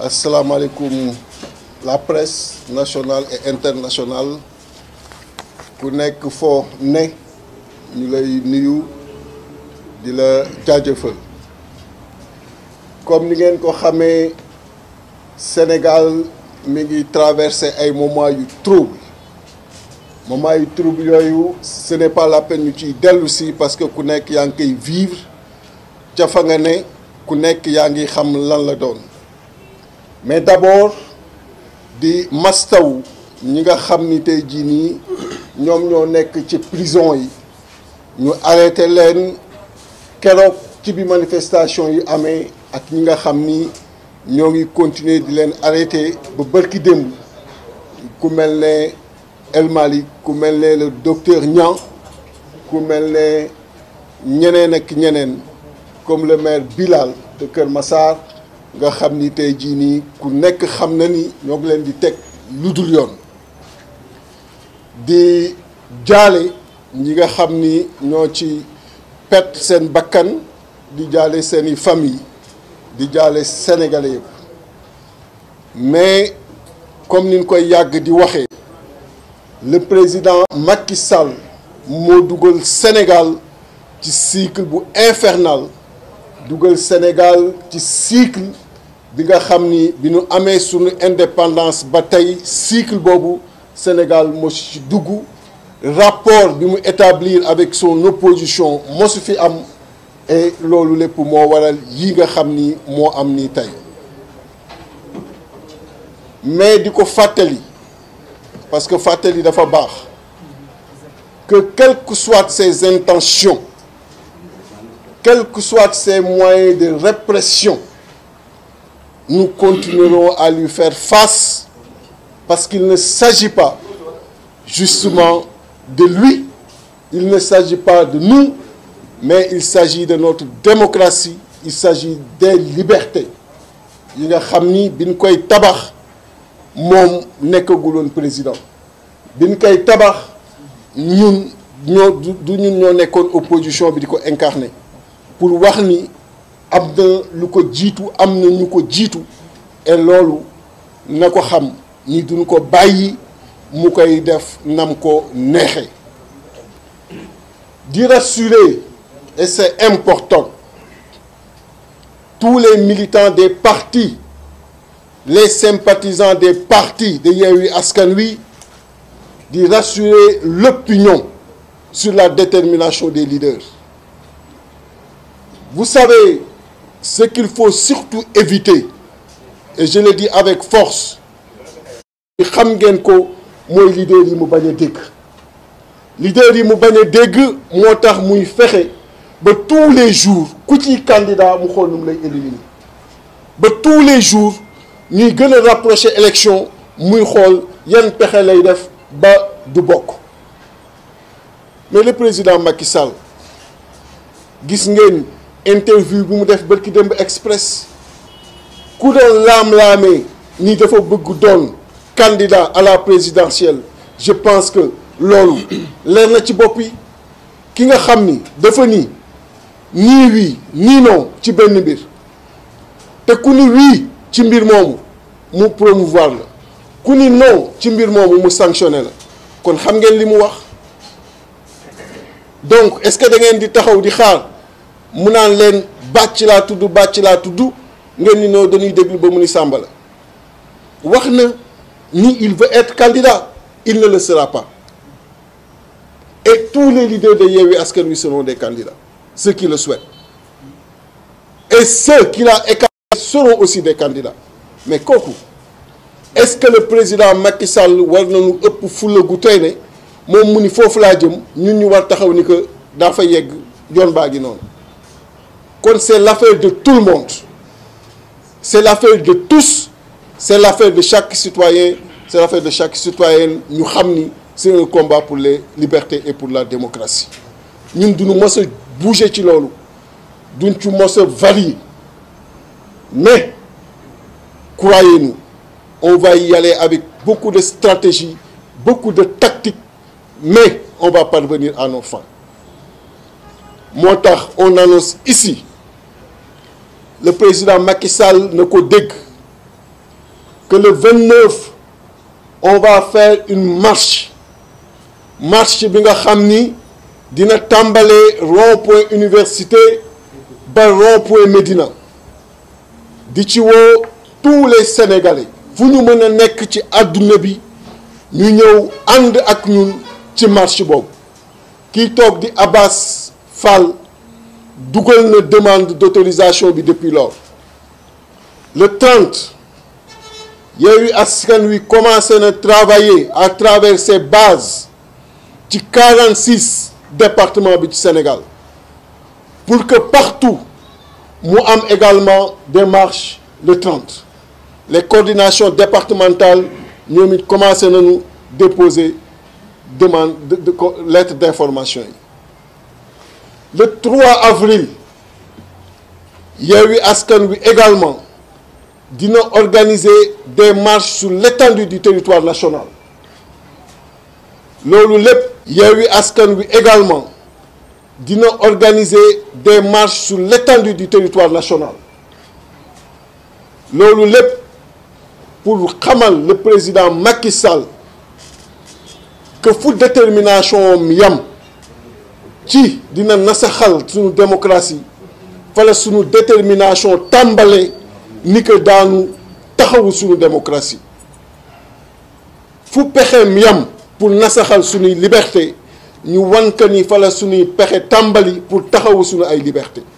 alaikum. la presse nationale et internationale ku que fort ne nous, lay nuyu di la jaajëfal comme ni le ko le Sénégal mi ngi traversé ay moments de trouble moments de trouble ce n'est pas la peine d'utiliser aussi parce que ku nekk yaa ngi vivre ca fa nga ne ku nekk yaa xam mais d'abord di mastaw ñi nga xam nyom tey jii nii ñoom ñoo nekk ci prison yi ñu arrêté leen keroog ci bi manifestation yi amé ak ñi nga xam ngi continuer di leen arrêté ba barki démb ku melne El Mali, ku melne le docteur ñan ku melne ne ñeneen ak ñeneen comme le maire Bilal de keur Massar nga xam ni ku nekk xam ni ñoo leen di yoon ñi sénégalais mais comme ni koy le président Macky Sall moo dugal Sénégal ci cycle bu infernal dugal Sénégal ci cycle nous nga nous sur bi suñu indépendance bataille, cycle bobu Sénégal moo rapport bi mu établir avec son opposition mo fi am et pour moi. mo waral yi nga xamni mo am ni mais parce que fàttali dafa bax que quelles que soient ses intentions quels que soient ses moyens de répression nous continuerons à lui faire face parce qu'il ne s'agit pas justement de lui, il ne s'agit pas de nous, mais il s'agit de notre démocratie, il s'agit des libertés président pour am jitu rassurer et c'est important tous les militants des partis les sympathisants des partis de Yahoui Askanoui, d'y rassurer l'opinion sur la détermination des leaders vous savez ce qu'il faut surtout éviter, et je le dis avec force, xam ngeen ko mooy leader yi mu bañ a dégg leader yi mu bañ dégg tous les jours tous les candidat mu xool Mais tous les jours ni ne rapprocher élection muy xool yan pexe lay def ba du mais le président Macky Sall gis ngeen interview bu mu def barki demb express ku doon laam ni dafa bëgg doon candidat à la présidentielle je pense que loolu leer na ci bop yi ki nga xamni ni dafa ni ni wi ni non ci benn bir te ku ni wii ci mbir moomu mu promouvoir la ku ni non ci mbir moomu mu sanctionner la kon xam ngeen limu wax donc est-ce que da ngeen di taxaw di xaar mu naan leen bàcc laa tudd bàcc laa ngeen ni noo dañuy déglu ba mu ni waxna ni il veut être candidat il ne le sera pas et tous les leaders de Yewi Askan lui seront des candidats ceux qui le souhaitent et ceux qui l'a écarté seront aussi des candidats mais kooku est-ce que le président Macky Sall war nañu ëpp fulla gu tey ne moom mu ni jëm ñun ñu war taxaw ni que daa fa yegg yoon baa gi c'est l'affaire de tout le monde c'est l'affaire de tous c'est l'affaire de chaque citoyen c'est l'affaire de chaque citoyenne nous ramener c'est un combat pour les libertés et pour la démocratie Nous devons nous bouger ci l'eau, nous ci mais croyez-nous on va y aller avec beaucoup de stratégies, beaucoup de tactiques, mais on va parvenir à nos fins Mon on annonce ici le président Macky Sall ne ko dégg que le on va faire une marche marche bi nga xam ni dina tàmbalee rond-point université ba rond Médina di ci woo tous les sénégalais fu ñu mën a nekk ci àdduna bi ñu ñëw ànd ak ñun ci marche boobu kii toog di Abbas Fall. dugal une demande d'autorisation depuis lors le 30 il y a eu Askan a commencé à travailler à travers ses bases du 46 départements du Sénégal pour que partout nous am également des le 30 les coordinations départementales nous à à nous déposer demande de lettre d'information le 3 avril ce Askan Wi également dina organiser des marches sur l'étendue du territoire national il à ce Askan Wi également dina organiser des marches sur l'étendue du territoire national lolou pour Kamal, le président Macky Sall que fout détermination miam, ci dina nasaxal suñu démocratie fala suñu détermination tàmbale ni que daanu taxawu suñu démocratie fu pexeem yam pour nasaxal suñuy liberté ñu wanka ni fala suñuy pexe tàmbali pour taxawu suñu ay liberté